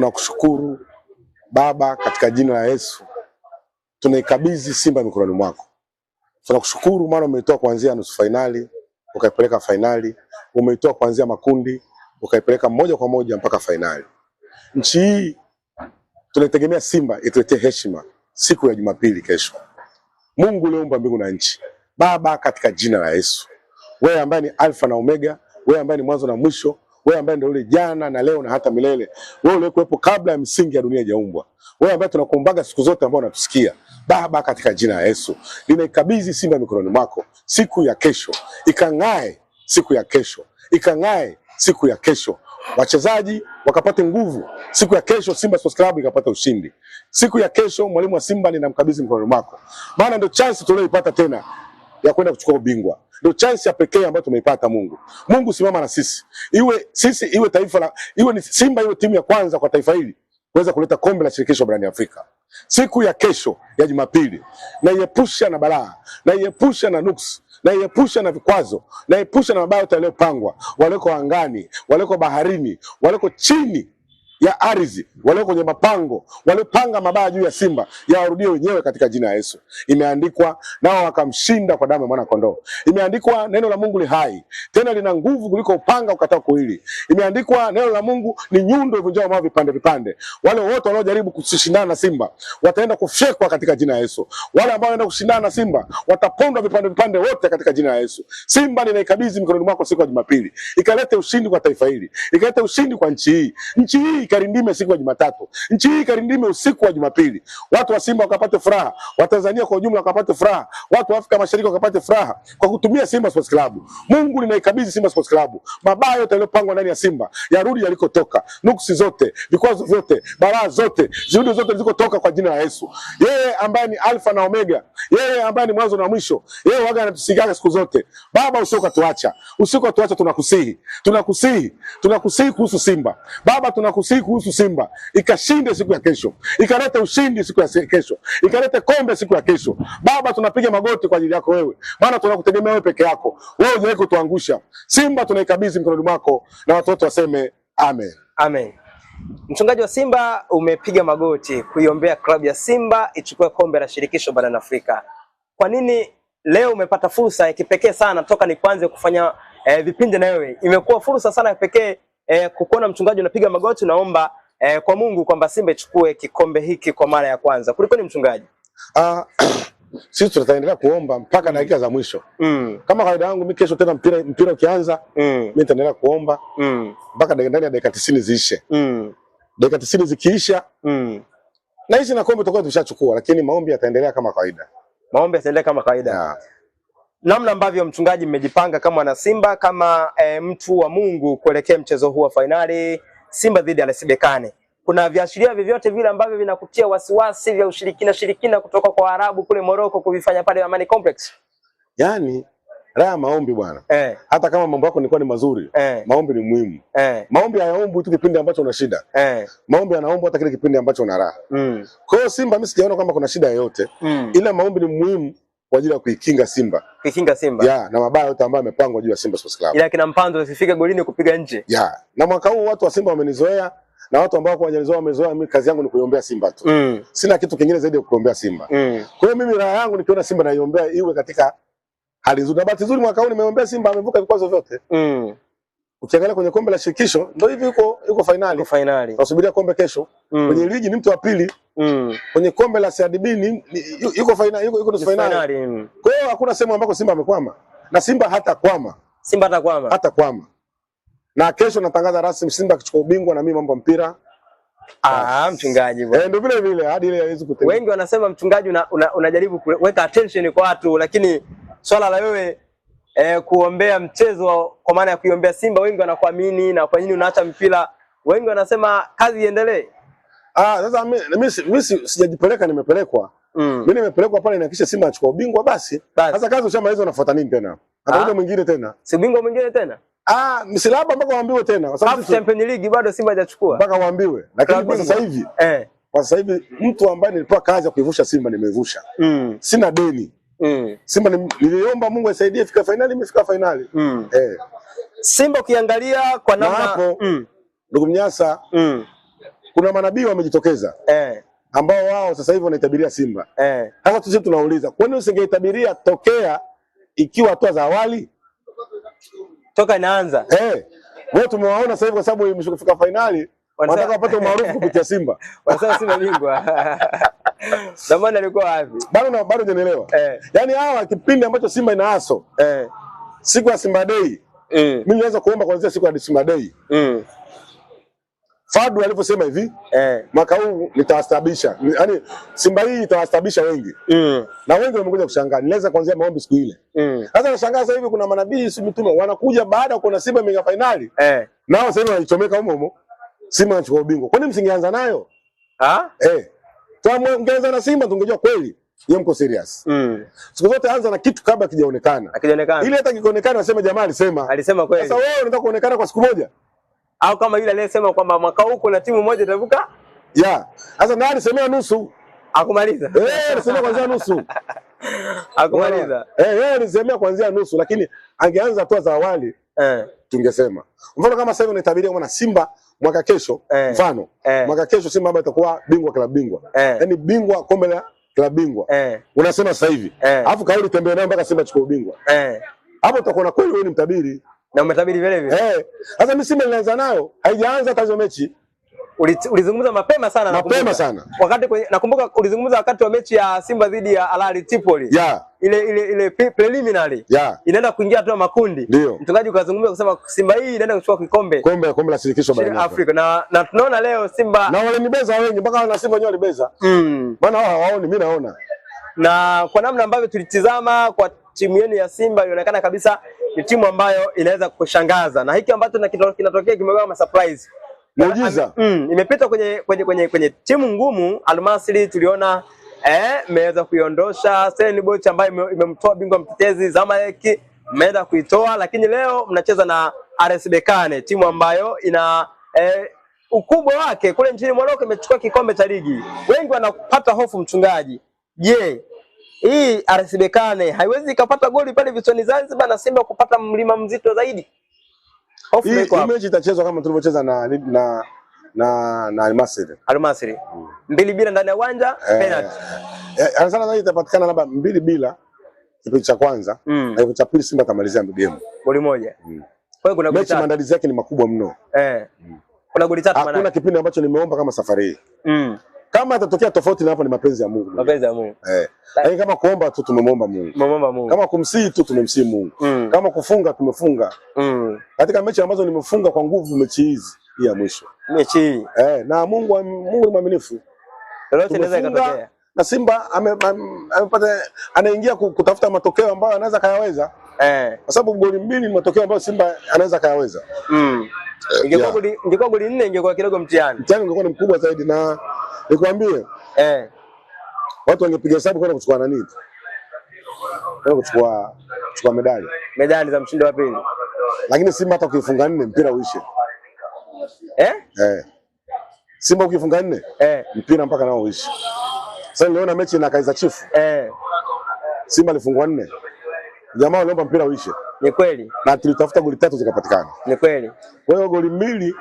Tunakushukuru Baba katika jina la Yesu, tunaikabidhi Simba mikononi mwako. Tunakushukuru maana umeitoa kuanzia nusu fainali ukaipeleka fainali, umeitoa kuanzia makundi ukaipeleka moja kwa moja mpaka fainali. Nchi hii tunaitegemea Simba ituletee heshima siku ya Jumapili kesho. Mungu uliumba mbingu na nchi, Baba, katika jina la Yesu, wewe ambaye ni Alfa na Omega, wewe ambaye ni mwanzo na mwisho wewe ambaye ndio yule jana na leo na hata milele, wewe uliyekuwepo kabla ya msingi ya dunia hajaumbwa, wewe ambaye tunakuombaga siku zote, ambao unatusikia Baba, katika jina la Yesu ninaikabidhi Simba mikononi mwako. Siku ya kesho ikang'ae, siku ya kesho ikang'ae, siku ya kesho wachezaji wakapate nguvu siku ya kesho, Simba Sports Club ikapata ushindi siku ya kesho. Mwalimu wa Simba ninamkabidhi mikononi mwako, maana ndio chance tulioipata tena ya kwenda kuchukua ubingwa ndio chance ya pekee ambayo tumeipata. Mungu, Mungu simama na sisi, iwe sisi iwe taifa la iwe ni Simba iwe timu ya kwanza kwa taifa hili kuweza kuleta kombe la shirikisho barani Afrika siku ya kesho ya Jumapili, na iepusha na balaa na iepusha na nuksi na iepusha na vikwazo na iepusha na mabaya yote yaliyopangwa, walioko angani, waleko baharini, walioko chini ya ardhi, walio kwenye mapango, waliopanga mabaya juu ya Simba yawarudie wenyewe katika jina la Yesu. Imeandikwa, nao wakamshinda kwa damu ya mwana kondoo. Imeandikwa, neno la Mungu li hai tena lina nguvu kuliko upanga ukatao kuwili. Imeandikwa, neno la Mungu ni nyundo ivunjao mawe vipande vipande. Wale wote wanaojaribu kushindana na Simba wataenda kufyekwa katika jina la Yesu. Wale ambao wanaenda kushindana na Simba watapondwa vipande vipande wote katika jina la Yesu. Simba ninaikabidhi mikononi mwako siku ya Jumapili, ikalete ushindi kwa taifa hili, ikalete ushindi kwa nchi hii, nchi hii ikarindime siku ya Jumatatu, nchi hii ikarindime usiku wa Jumapili, watu wa Simba wakapate furaha, Watanzania kwa ujumla wakapate furaha, watu wa Afrika Mashariki wakapate furaha kwa kutumia Simba Sports Club. Mungu ninaikabidhi Simba Sports Club, mabaya yote yaliyopangwa ndani ya Simba yarudi yalikotoka, nuksi zote, vikwazo vyote, balaa zote zirudi zote zilikotoka kwa jina la Yesu, yeye ambaye ni Alfa na Omega, yeye ambaye ni mwanzo na mwisho, yeye waga anatusigaga siku zote. Baba, usikatuacha, usikatuacha, tunakusihi, tunakusihi, tunakusihi kuhusu Simba Baba, tunakusihi hii kuhusu Simba ikashinde siku ya kesho, ikalete ushindi siku ya kesho, ikalete kombe siku ya kesho. Baba, tunapiga magoti kwa ajili yako wewe, maana tunakutegemea wewe peke yako. Wewe hujawahi kutuangusha. Simba tunaikabidhi mkononi mwako, na watoto waseme amen, amen. Mchungaji wa Simba, umepiga magoti kuiombea klabu ya Simba ichukue kombe la shirikisho barani Afrika. Kwa nini leo umepata fursa ya kipekee sana? Toka ni kwanze kufanya eh, vipindi na wewe, imekuwa fursa sana ya pekee e, kukuona mchungaji unapiga magoti unaomba e, eh, kwa Mungu kwamba Simba ichukue kikombe hiki kwa mara ya kwanza. Kulikoni mchungaji? Ah, sisi tutaendelea kuomba mpaka mm. dakika za mwisho. Mm. Kama kawaida yangu mimi kesho tena mpira mpira ukianza, mm. mimi nitaendelea kuomba mm. mpaka mm. ndani ya dakika 90 ziishe. Mm. Dakika 90 zikiisha, mm. na hizi na kombe tutakuwa tumeshachukua, lakini maombi yataendelea kama kawaida. Maombi yataendelea kama kawaida. Yeah namna ambavyo mchungaji, mmejipanga kama wana Simba kama e, mtu wa Mungu kuelekea mchezo huu wa fainali Simba dhidi ya RS Berkane, kuna viashiria vyovyote vile ambavyo vinakutia wasiwasi vya ushirikina shirikina kutoka kwa Arabu kule Morocco kuvifanya pale Amani Complex? Yaani raha maombi bwana eh. Hata kama mambo yako nilikuwa ni mazuri eh. Maombi ni muhimu eh. Maombi hayaombi tu kipindi ambacho una shida eh. Maombi yanaomba hata kile kipindi ambacho una raha mm. Kwa hiyo Simba mimi sijaona kwamba kuna shida yoyote mm. Ila maombi ni muhimu kwa ajili ya kuikinga Simba. Kuikinga Simba. Yeah, na mabaya yote ambayo yamepangwa juu ya Simba Sports Club. Ila kina Mpando asifika golini kupiga nje. Yeah. Na mwaka huu watu wa Simba wamenizoea na watu ambao kwa wajanizoea wamezoea, mimi kazi yangu ni kuiombea Simba tu. Mm. Sina kitu kingine zaidi ya kuiombea Simba. Mm. Kwa hiyo mimi raha yangu nikiona Simba naiombea iwe katika hali nzuri. Na bahati nzuri mwaka huu nimeombea Simba amevuka vikwazo vyote. Mm. Ukiangalia kwenye kombe la shirikisho ndio hivi yuko yuko finali. Yuko finali. Tunasubiria kombe kesho. Mm. Kwenye ligi ni mtu wa pili mm. kwenye kombe la CRDB ni yuko finali, yuko yuko finali. Mm. Kwa hiyo hakuna sehemu ambako Simba amekwama na Simba hata kwama, Simba hata kwama, hata kwama. Na kesho natangaza rasmi Simba akichukua ubingwa na mimi mambo mpira Ah, mchungaji bwana. Eh, ndio vile vile hadi ile haiwezi kutembea. Wengi wanasema mchungaji una, una, unajaribu kuweka attention kwa watu lakini swala la wewe eh, kuombea mchezo kwa maana ya kuiombea Simba wengi wanakuamini na kwa nini unaacha mpira? Wengi wanasema kazi iendelee. Ah, sasa mimi mimi sijajipeleka nimepelekwa. Mm. Mimi nimepelekwa pale nihakikishe Simba achukua ubingwa basi. Sasa kazi ushamaliza unafuata nini tena? Atakuja ah. mwingine tena. Si bingwa mwingine tena? Ah, msilaba mpaka waambiwe tena. Kwa sababu Champions League bado Simba hajachukua. Mpaka waambiwe. Lakini kwa sasa hivi eh, kwa sasa hivi mtu ambaye nilipewa kazi ya kuivusha Simba nimeivusha. Mm. Sina deni. Mm. Simba niliomba Mungu aisaidie fika finali, imefika finali. Mm. Eh. Simba ukiangalia kwa namna hapo. Mm. Ndugu Mnyasa. Mm kuna manabii wamejitokeza eh, ambao wao sasa hivi wanaitabiria Simba eh. Sasa sisi tunauliza kwa nini usingeitabiria tokea ikiwa hatua za awali toka inaanza eh, wewe tumewaona sasa hivi kwa sababu imeshafika finali wanataka wapate umaarufu kupitia Simba wanasema Simba bingwa zamani alikuwa wapi? Bado na bado hujanielewa eh. Yani hawa kipindi ambacho Simba ina aso eh, siku ya Simba Day mm. mimi naweza kuomba kuanzia siku ya Simba Day mm Fadu alivyosema hivi eh, mwaka huu nitawastabisha, yaani Simba hii itawastabisha wengi mm. na wengi wamekuja kushangaa, nileza kuanzia maombi siku ile mm. sasa mm. nashangaa sasa hivi kuna manabii si mitume wanakuja baada ya kuona Simba imeingia fainali eh. nao sasa hivi wanaichomeka humo humo, Simba anachukua ubingwa. Kwani msingeanza nayo ha eh, kama mngeanza na Simba tungejua kweli ye mko serious mm. siku zote anza na kitu kabla kijaonekana, kijaonekana ili hata kikionekana waseme jamaa alisema, alisema kweli. Sasa wewe unataka kuonekana kwa siku moja au kama yule aliyesema kwamba mwaka huu kuna timu moja itavuka. Yeah. Sasa naye alisemea nusu akumaliza. Eh, alisemea kwanza nusu. akumaliza. Eh, yeye alisemea kwanza nusu lakini angeanza hatua za awali. Eh. Tungesema. Mfano kama sasa hivi unaitabiria kama Simba mwaka kesho eh. Mfano eh. Mwaka kesho Simba ambayo itakuwa bingwa klabu bingwa. Eh. Yaani eh. Bingwa kombe la klabu bingwa. Eh. Unasema sasa hivi. Eh. Alafu eh. Kauli tembea nayo mpaka Simba chukue ubingwa. Eh. Hapo utakuwa na kweli wewe ni mtabiri. Na umetabiri vile vile. Eh. Sasa mimi Simba nilianza nayo, haijaanza tazo hizo mechi. Ulizungumza mapema sana mapema nakumbuka. Sana. Wakati kwenye nakumbuka ulizungumza wakati wa mechi ya Simba dhidi ya Al Ahly Tripoli. Yeah. Ile ile ile preliminary. Yeah. Inaenda kuingia hatua makundi. Mtungaji ukazungumza kusema Simba hii inaenda kuchukua kikombe. Kombe kombe la shirikisho barani Afrika. Na na tunaona leo Simba Na wale nibeza wengi mpaka wana Simba wenyewe walibeza. Mm. Maana hao hawaoni mimi naona. Na kwa namna ambavyo tulitizama kwa timu yenu ya Simba ilionekana kabisa ni timu ambayo inaweza kushangaza na hiki ambacho kinatokea kimegawa ma surprise muujiza. Mm, imepita kwenye, kwenye, kwenye, kwenye timu ngumu Almasri tuliona eh, imeweza kuiondosha Stellenbosch ambayo imemtoa bingwa mtetezi Zamalek, mmeenda kuitoa, lakini leo mnacheza na RS Berkane, timu ambayo ina eh, ukubwa wake kule nchini Morocco, imechukua kikombe cha ligi. Wengi wanapata hofu mchungaji, je hii RS Berkane haiwezi ikapata goli pale Visiwani Zanzibar na Simba kupata mlima mzito zaidi. Hii mechi itachezwa kama tulivyocheza na na na na Almasri. Almasri. Hmm. Mbili bila ndani ya uwanja eh, penalty. Eh, eh sana zaidi itapatikana labda mbili bila kipindi cha kwanza mm. na kipindi cha pili Simba tamalizia game. Goli moja. Mm. Kwa hiyo kuna mechi Maandalizi yake ni makubwa mno. Eh. Mm. Kuna goli tatu maana. Hakuna kipindi ambacho nimeomba kama safari hii. Mm. Kama atatokea tofauti na hapo ni mapenzi ya Mungu. Mapenzi ya Mungu. Eh. Lakini kama kuomba tu tumemwomba Mungu. Tumemwomba Mungu. Kama kumsihi tu tumemsihi Mungu. Mm. Kama kufunga tumefunga. Mm. Katika mechi ambazo nimefunga kwa nguvu mechi hizi hii ya mwisho. Mechi hii. Eh, na Mungu Mungu ni mwaminifu. Lolote linaweza ikatokea. Na Simba amepata ame, ame anaingia kutafuta matokeo ambayo anaweza kayaweza. Eh. Kwa sababu goli mbili ni matokeo ambayo Simba anaweza kayaweza. Mm. Ingekuwa goli ingekuwa goli nne ingekuwa kidogo mtihani. Mtihani ungekuwa ni mkubwa zaidi na nikwambie. Eh. Watu wangepiga hesabu kwenda kuchukua nani? Kwenda kuchukua kuchukua medali. Medali za mshindi wa pili. Lakini Simba hata kuifunga nne mpira uishe. Eh? Eh. Simba ukifunga nne eh, mpira mpaka nao uishe. Sasa niliona mechi na Kaizer Chiefs. Eh. Simba alifungwa nne. Jamaa aliomba mpira uishe. Ni kweli. Na tulitafuta goli tatu zikapatikana. Ni kweli. Kwa hiyo goli mbili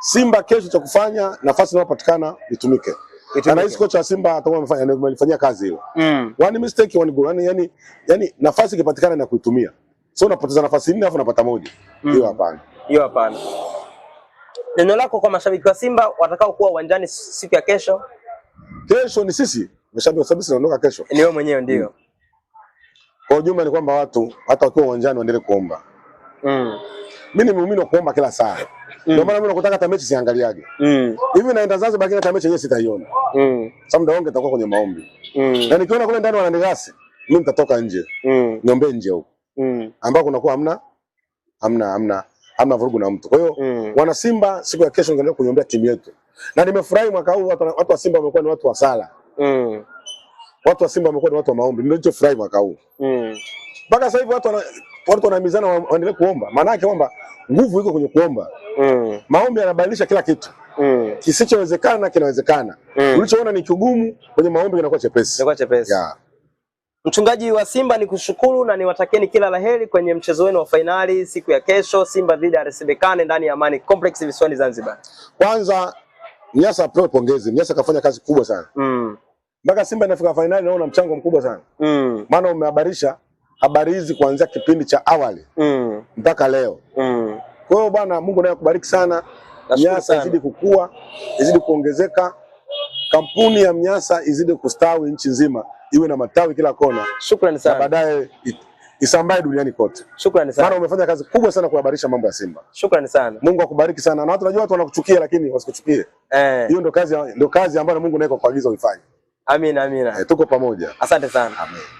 Simba kesho cha kufanya nafasi inayopatikana itumike. Itumike. Na hisi kocha wa Simba atakuwa amefanya amefanyia kazi hiyo. Mm. One mistake one goal. Yaani yani, yani nafasi ikipatikana na kuitumia. Sio unapoteza nafasi nne afu unapata moja. Mm. Hiyo mm. hapana. Hiyo hapana. Neno lako kwa mashabiki wa Simba watakao kuwa uwanjani siku ya kesho? Kesho ni sisi. Mashabiki wa Simba tunaondoka kesho. Ni wewe mwenyewe ndio. Mm. Kwa ujumla ni kwamba watu hata wakiwa uwanjani waendelee kuomba. Mm. Mimi ni muumini wa kuomba kila saa. Mm. Ndio maana mimi nakutaka hata mechi siangaliage. Mm. Hivi naenda zazi lakini hata mechi yenyewe sitaiona. Mm. Sasa muda wangu nitakuwa kwenye maombi. Mm. Na nikiona kule ndani wananigasi, mimi nitatoka nje. Mm. Niombe nje huko. Mm. Ambako kunakuwa hamna hamna hamna hamna vurugu na mtu. Kwa hiyo mm. wana Simba siku ya kesho ningeendelea kuniombea timu yetu. Na nimefurahi mwaka huu watu, watu wa Simba wamekuwa ni watu wa sala. Mm. Watu wa Simba wamekuwa ni watu wa maombi, ndio hicho furahi mwaka huu mm. mpaka mm. sasa hivi watu wana, watu wanahimizana waendelee kuomba, maana yake kwamba nguvu iko kwenye kuomba mm. maombi yanabadilisha kila kitu mm. kisichowezekana kinawezekana mm. ulichoona ni kigumu kwenye maombi kinakuwa chepesi, kinakuwa chepesi yeah. Mchungaji wa Simba ni kushukuru na niwatakieni kila laheri kwenye mchezo wenu wa fainali siku ya kesho, Simba dhidi ya RS Berkane ndani ya Amani Complex visiwani Zanzibar. Kwanza Nyasa apewe pongezi, Nyasa kafanya kazi kubwa sana mm mpaka Simba inafika fainali, naona mchango mkubwa sana mm. maana umehabarisha habari hizi kuanzia kipindi cha awali mm. mpaka leo mm. kwa hiyo bwana, Mungu naye akubariki sana, Mnyasa izidi kukua, izidi kuongezeka, kampuni ya Mnyasa izidi kustawi nchi nzima, iwe na matawi kila kona. Shukrani sana, baadaye isambae duniani kote. Shukrani sana. Maana umefanya kazi kubwa sana kuhabarisha mambo ya Simba. Shukrani sana. Mungu akubariki sana. Na watu najua watu wanakuchukia lakini wasikuchukie. Eh. Hiyo ndio kazi ndio kazi ambayo Mungu naye kwa kuagiza uifanye. Amina, amina. E, tuko pamoja. Asante sana. Amen.